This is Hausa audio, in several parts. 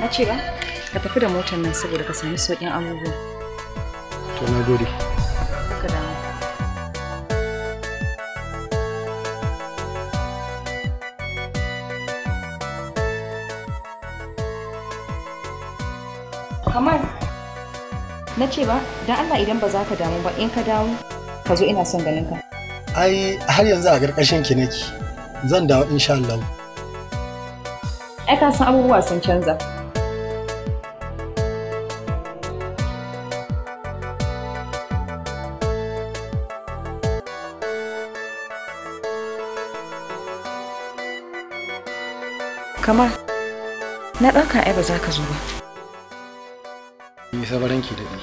na ce ba ka tafi da motar nan saboda ka sami sauƙin abubuwa to na gode kamar na ce ba, don Allah idan ba za ka damu ba in ka dawo, ka zo ina son ganin ka. Ai, har yanzu a ƙarƙashin ki nake, zan dawo insha Allah. Ai, ka san abubuwa sun canza. kamar na ɗauka ai ba za ka zo ba ni sabaran ki daɗi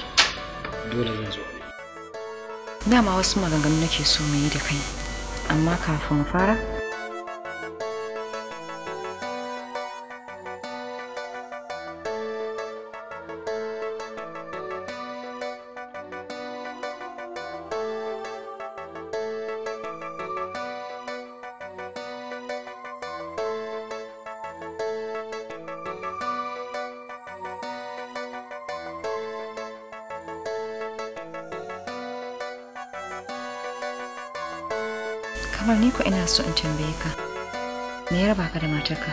dole zan zo dama wasu maganganu nake so mu yi da kai amma kafin fara kamar ni ko ina so in tambaye ka. Me ya raba ka da matarka?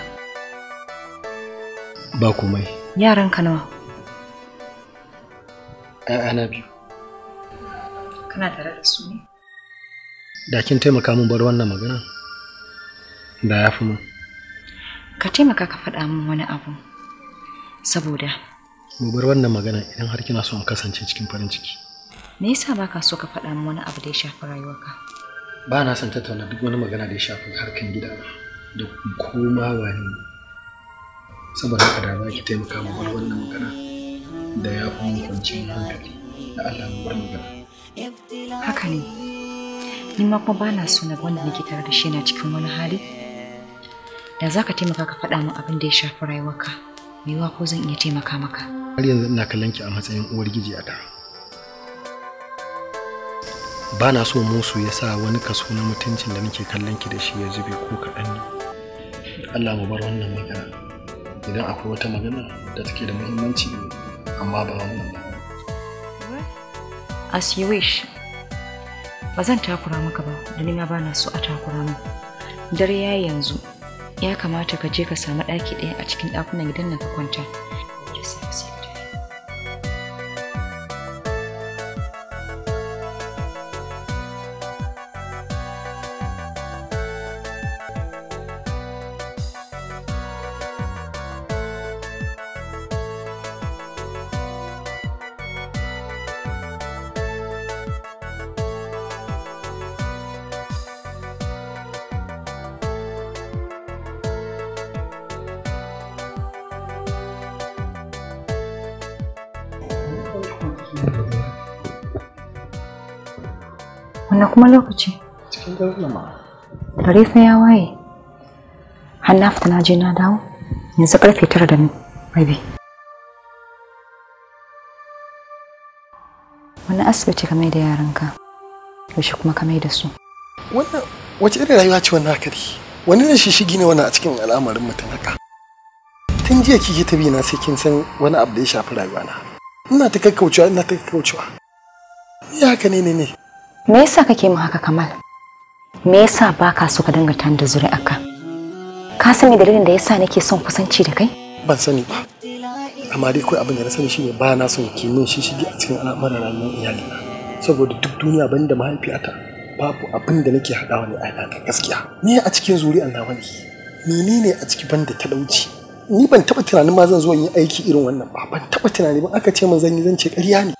Ba komai. Yaran ka nawa? Ana biyu. Kana tare da su ne? Da kin taimaka min bar wannan magana? Da ya fi min. Ka taimaka ka faɗa min wani abu. Saboda. Mu bar wannan magana idan har kina so in kasance cikin farin ciki. Me yasa baka ka so ka faɗa min wani abu da ya shafi rayuwarka? ba na son tattauna duk wani magana da ya shafi harkan gida da koma wani saboda haka da ba ki taimaka ma wani wannan magana da ya fi hankali da Allah mu bar magana. Haka ne, ni ma kuma ba na so na wanda nake tare da shi na cikin wani hali. Da za ka taimaka ka faɗa min abin da ya shafi rayuwarka, me yiwa ko zan iya taimaka maka. Har yanzu ina kallon ki a matsayin uwar giji a ta. ba na so musu ya sa wani kaso na mutuncin da nake kallon ki da shi ya zube ko kaɗan ne Allah mu bar wannan magana idan akwai wata magana da take da muhimmanci amma ba wannan ba as you wish ba zan takura maka ba da nina ba na so a takura mu. dare ya yanzu ya kamata ka je ka samu ɗaki ɗaya a cikin ɗakunan gidan nan ka kwanta wannan kuma lokaci? Cikin garuruwa ma. Dare sai ya waye. Har na fita na je na dawo. Yanzu karfe tara da rabi. Wani asibiti ka mai da yaranka? Yaushe kuma ka mai da su? Wannan wace irin rayuwa ce wannan haka Wani ne shishigi ne wannan a cikin al'amarin mutum haka? Tun jiya kike ta bi na sai kin san wani abu da ya shafi rayuwa na. Ina ta kakkaucewa ina ta kakkaucewa. Ya haka ne ne ne. me yasa kake mu haka kamal me yasa ba ka so ka dinga tanda zuri'arka ka sani dalilin da yasa nake son kusanci da kai ban sani ba amma dai kawai abin da na sani shine ba na son ki min shige a cikin al'amuran rayuwar iyali saboda duk duniya ban da mahaifiyata babu abin da nake haɗawa ne a ta gaskiya ni a cikin zuri'an na wani menene a ciki ban da talauci ni ban taɓa tunanin ma zan zo in yi aiki irin wannan ba ban taɓa tunani ba aka ce min zan yi zan ce ƙarya ne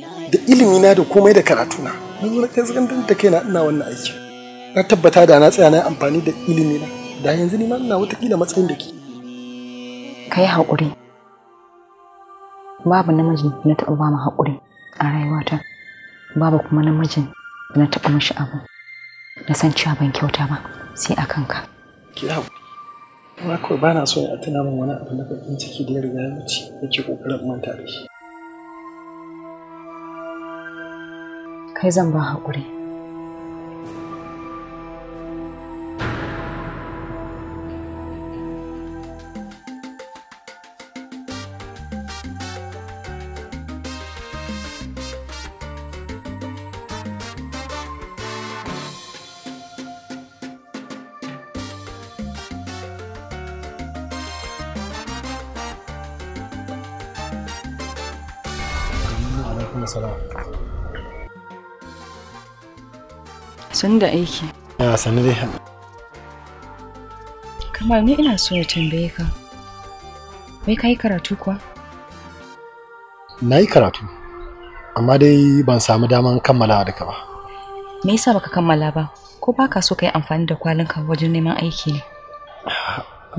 da ilimina da komai da karatuna yanzu na kai zagandun da kaina ina wannan aiki na tabbata da na tsaya na amfani da ilimina da yanzu ni ma ina watakila matsayin da ke kai hakuri, babu namiji na taɓa ba mu a rayuwata babu kuma namijin na taɓa mashi abu na san cewa ban kyauta ba sai a kanka ki haƙuri kuma kawai ba na so ya tuna min wani abu na bakin ciki da ya riga ya wuce yake ƙoƙarin manta da shi kai zan ba haƙuri Assalamu alaikum. sun da aiki ya sani dai kamar ni ina so ya tambaye ka wai ka yi karatu kuwa na yi karatu amma dai ban samu daman kammala ka ba me yasa baka kammala ba ko ba ka so ka yi amfani da kwalinka wajen neman aiki ne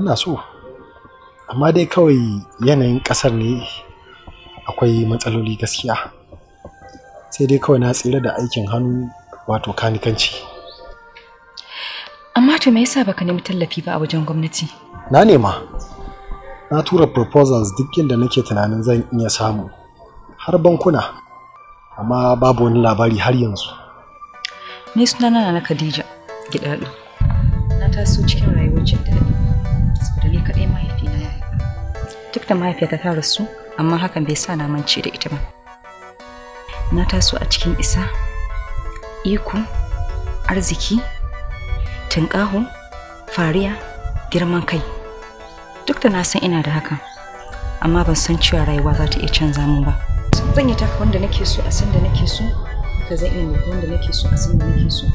ina so amma dai kawai yanayin ƙasar ne akwai matsaloli gaskiya sai dai kawai na tsira da aikin hannu wato kanikanci amma to me yasa baka nemi tallafi ba a wajen gwamnati na nema na tura proposals duk inda nake tunanin zan iya samu har bankuna amma babu wani labari har yanzu ni sunana na Khadija Gidado na taso cikin rayuwar jin daɗi saboda ni kaɗai mahaifina ya duk da mahaifiyata ta rasu amma hakan bai sa na mance da ita ba na taso a cikin isa iko arziki tunƙaho fariya girman kai duk da na san ina da hakan amma ban san cewa rayuwa za ta iya canza mun ba zan yi taka wanda nake so a san da nake so haka zan iya yi wanda nake so a san da nake so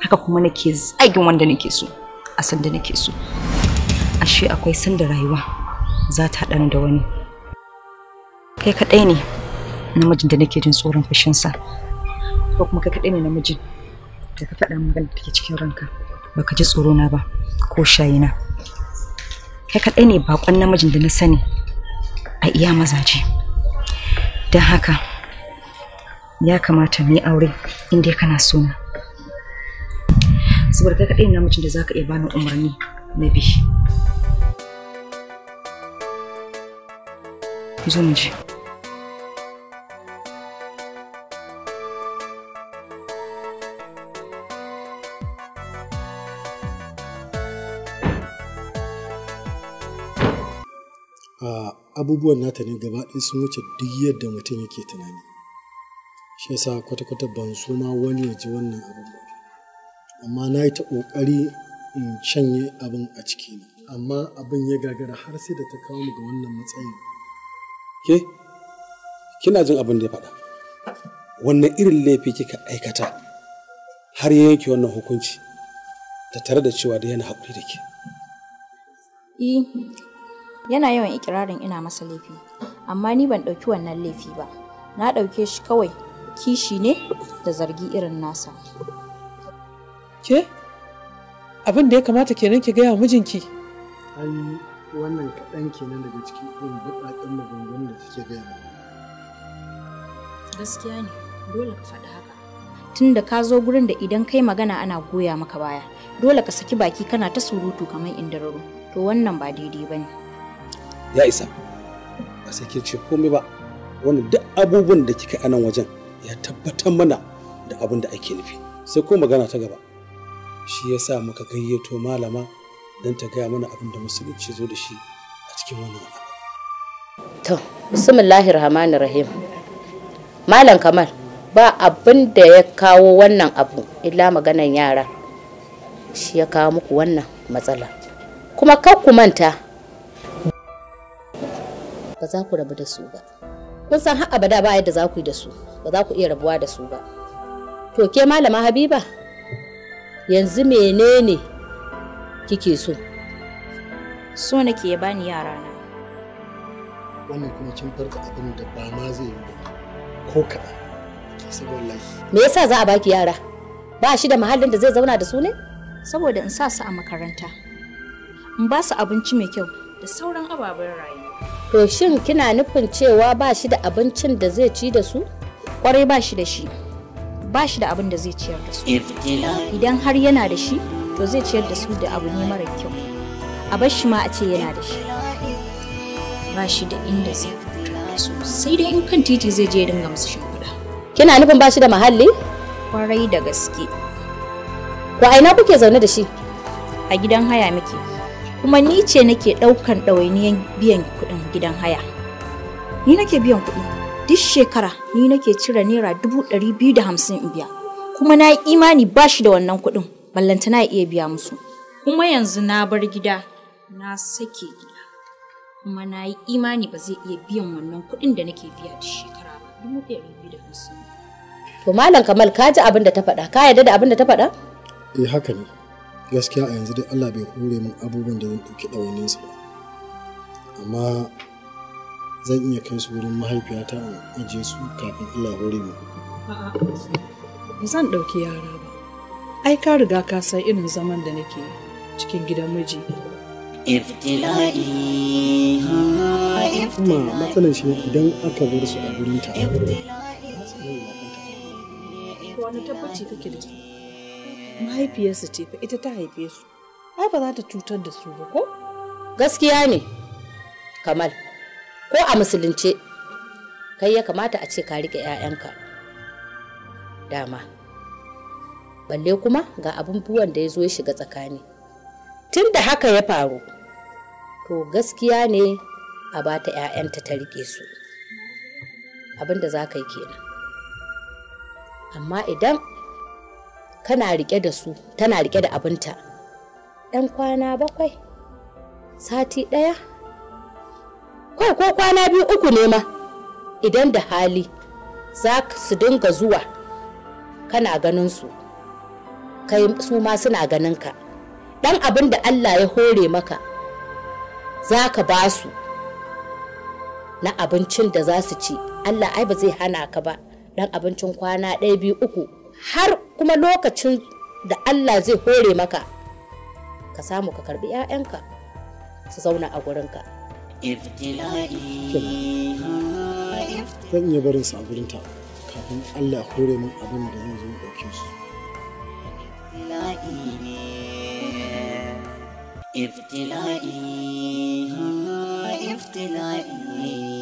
haka kuma nake zagin wanda nake so a san da nake so ashe akwai san da rayuwa za ta haɗa da wani kai kaɗai ne namijin da nake jin tsoron fushinsa ko kuma kai kaɗai ne namijin da ka faɗa magana da take cikin ranka baka ji tsoro na ba ko shayina kai kaɗai ne bakon namijin da na sani a iya mazaje don haka ya kamata mu yi aure inda kana so na saboda kai kaɗai namijin da zaka iya bani umarni na bi zo abubuwan nata ne gaba ɗaya sun wuce duk yadda mutum yake tunani shi yasa kwata-kwata ban so ma wani ya ji wannan abin ba amma na yi ta ƙoƙari in shanye abin a ciki amma abin ya gagara har sai da ta kawo mu ga wannan matsayin ke kina jin abin da ya faɗa wannan irin laifi kika aikata har ya yanke wannan hukunci ta tare da cewa da yana haƙuri da ke eh, yana yawan ikirarin ina masa laifi amma ni ban ɗauki wannan laifi ba na ɗauke shi kawai kishi ne da zargi irin nasa ke abin da ya kamata kenan ki gaya mijinki ai wannan kaɗan kenan daga cikin irin buƙatun maganganun da take gaya gaskiya ne dole ka faɗi haka tun da ka zo gurin da idan kai magana ana goya maka baya dole ka saki baki kana ta surutu kamar indararu to wannan ba daidai ba ne ya isa ba sai ke komai ba wannan duk abubuwan da kika anan wajen ya tabbatar mana da abin da ake nufi sai ko magana ta gaba shi ya sa muka gayyato malama don ta gaya mana abin da musulunci zo da shi a cikin wannan abu to bismillahir rahmanir rahim malam kamal ba abin da ya kawo wannan abu illa maganan yara shi ya kawo muku wannan matsala kuma kar ku manta za ku rabu da su ba kun san har abada ba yadda za ku yi da su ba za ku iya rabuwa da su ba to ke malama habiba yanzu menene kike so so nake ya bani yarana wannan kuma kin farka abin da ba ma zai yi ba ko kaɗan ke me yasa za a baki yara ba shi da mahallin da zai zauna da su ne saboda in sa su a makaranta in ba su abinci mai kyau da sauran ababen rayuwa to shin kina nufin cewa ba shi da abincin da zai ci da su kwarai ba shi da shi ba shi da abin da zai ciyar da su idan har yana da shi to zai ciyar da su da abu ne mara kyau a bar shi ma a ce yana da shi ba shi da inda zai da su sai dai in kan titi zai je dinga musu shimfiɗa kina nufin ba shi da muhalli kwarai da gaske ko a ina kuke zaune da shi a gidan haya muke kuma ni ce nake ɗaukan ɗawainiyan biyan kuɗi gidan haya ni nake biyan kuɗi duk shekara ni nake cire naira dubu ɗari biyu da hamsin in biya kuma na yi imani ba shi da wannan kuɗin ballanta na iya biya musu kuma yanzu na bar gida na sake gida kuma na yi imani ba zai iya biyan wannan kuɗin da nake biya duk shekara ba dubu ɗari biyu da hamsin to malam kamal ka ji abin da ta faɗa ka yarda da abin da ta faɗa eh haka ne gaskiya a yanzu dai Allah bai hore min abubuwan da zan ɗauki ɗawainiyarsa ba amma zan iya kai su wurin mahaifiyata a ajiye su kafin Allah hore mu. Ba zan ɗauki yara ba. Ai ka riga ka san irin zaman da nake cikin gidan miji. Iftila'i Kuma matsalar shi idan aka bar su a wurin ta. Wani tabbaci kake da su? Mahaifiyarsa ce fa ita ta haife su. Ai ba za ta cutar da su ba ko? Gaskiya ne. kamal ko a musulunce kai ya kamata a ce ka rike 'ya'yanka dama balle kuma ga buwan da ya zo ya shiga tsakani tun da haka ya faru to gaskiya ne a ba ta 'ya'yanta ta riƙe su abin da za ka yi kenan amma idan kana riƙe da su tana riƙe da abinta ɗan kwana bakwai sati ɗaya ko ko kwana biyu uku ne ma idan da hali za su dinga zuwa kana ganin su kai su ma suna ganin ka dan abin da Allah ya hore maka za ka ba su na abincin da za su ci Allah ai ba zai hana ka ba dan abincin kwana ɗaya biyu uku har kuma lokacin da Allah zai hore maka ka samu ka karbi 'ya'yanka su zauna a gurinka. zan iya barin su gurinta kafin allah kore min abin da zan zo in ɗauke su iftila'i iftila'i